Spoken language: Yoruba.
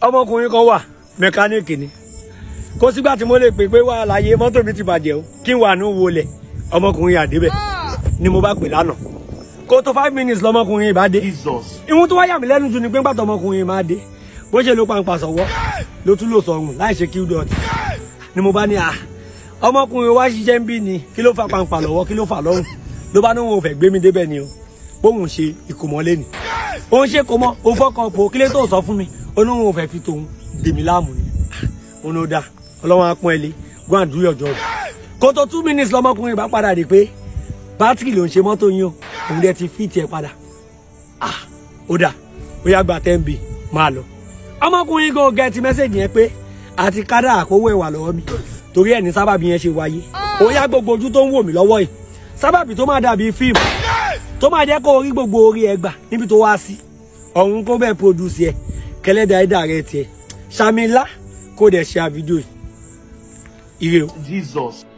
ọmọkùnrin kan wà mẹkáníìkì ni kò sígbà tí mo lè pè pé wà láyé mọ́tò mi ti bàjẹ́ o kí n wà ní wọlé ọmọkùnrin àdébẹ̀ ni mo bá pè lánàá kó tó five minutes lọmọkùnrin ìbá dé ìwọ̀n tó wá yà mí lẹ́nu jù ni pé ńgbàtọ̀ ọmọkùnrin ìbá dé bó ṣe ló pàǹpà sọ̀wọ́ ló tún lò sọ̀rùn láì ṣe kí dọ̀tí ni mo bá ní à ah, ọmọkùnrin wa ṣiṣẹ́ ń bí ni kí ló fa pàǹpà lọ́wọ́ kí ló fà lọ́rùn ló bá ní òun ò fẹ́ gbé mi débẹ̀ ni o bóun ṣe ìkòmọ́lé ni òun ṣe kòmọ́ òun fọ́kàn pò kílé tó sọ fún mi olóhùn òfẹ́ fi tòun dèmí láàmú ni òun ó dá ọlọ́wọ́n apọ́n ẹ lé go and do your job kó tó two minutes lọ́mọkùnrin bá padà dé pé bátìrì ló ń ṣe mọ́tò yín o òun dẹ̀ ti fìtì ẹ̀ padà ah ó dà ó yá gba ten b máa lọ ọmọkùnrin gan gẹ̀ẹ́tì mẹ́sẹ̀gì yẹn pé àti kádà àkówó ẹ̀wà lọ́wọ́ mi torí ẹ̀ ní sábàbí yẹn ṣe wáyé ó yá gbogbo ojú tó ń wò mí lọ́wọ́ yìí sábàbí tó máa dàbí fíìmù tó máa jẹ́ kó rí gbogbo orí ẹ gbà níbi tó wá sí ọ̀hún kó bẹ́ẹ̀ produce ẹ̀ kẹlẹ́dàá ẹ̀dá rẹ tiẹ̀ ṣàmìlá kó dẹ̀ share video yìí ire o. Jesus.